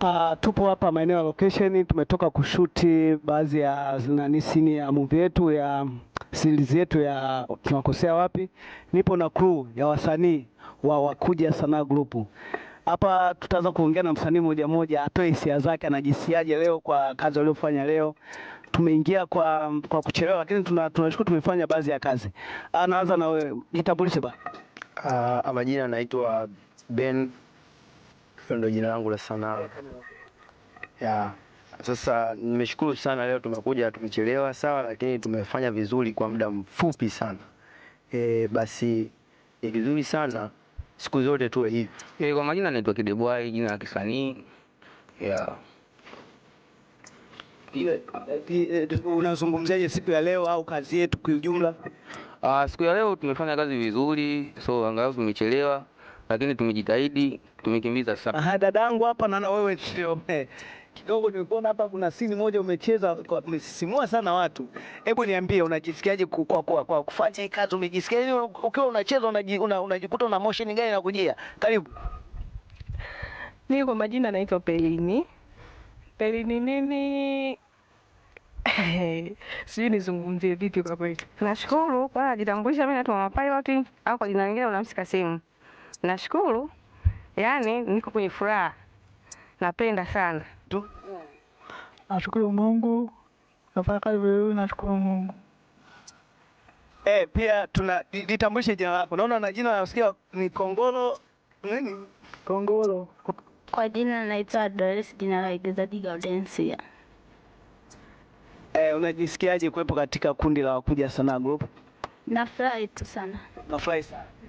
Uh, tupo hapa maeneo ya location, tumetoka kushuti baadhi ya nani sini ya movie yetu ya series yetu ya tunakosea wapi. Nipo na crew ya wasanii wa Wakuja Sanaa Group. Hapa tutaanza kuongea na msanii mmoja mmoja, atoe hisia zake, anajisiaje leo kwa kazi aliyofanya leo. Tumeingia kwa kwa kuchelewa, lakini tunashukuru tuna tumefanya baadhi ya kazi. Anaanza na wewe, jitambulishe ba. Uh, ah, majina naitwa Ben hilo ndio jina langu la sanaa yeah. Sasa nimeshukuru sana leo, tumekuja tumechelewa sawa, lakini tumefanya vizuri kwa muda mfupi sana e, basi ni vizuri sana siku zote tuwe hivi e. Kwa majina naitwa Kidebwai, jina la kisanii yeah. Unazungumziaje siku ya leo au kazi yetu kwa ujumla? Uh, siku ya leo tumefanya kazi vizuri, so angalau tumechelewa lakini tumejitahidi, tumekimbiza sana. Aha, dadangu hapa na wewe sio eh, kidogo nimekuona hapa kuna siri moja umecheza umesisimua sana watu. Hebu niambie unajisikiaje kwa, kwa, kwa kufanya hii kazi umejisikia umejisikiaje ukiwa unacheza unajikuta una, una, una una motion gani inakujia? Karibu. Mimi kwa majina naitwa Pelini. Pelini nini? Sijui nizungumzie vipi kwa kweli. Nashukuru kwa kujitambulisha, mimi naitwa Mama Pilot au kwa jina lingine unamsika simu. Nashukuru, yaani niko kwenye furaha, napenda sana. Nashukuru Mungu, nafanya kazi vizuri, nashukuru Mungu. Eh, pia tuna litambulishe jina lako. Naona na jina nasikia ni Kongolo nini? Kongolo. Kwa jina naitwa Doris, jina la Igezaji Gaudensia. Eh, unajisikiaje kuwepo katika kundi la Wakuja Sanaa Group? Nafurahi tu sana. Nafurahi sana.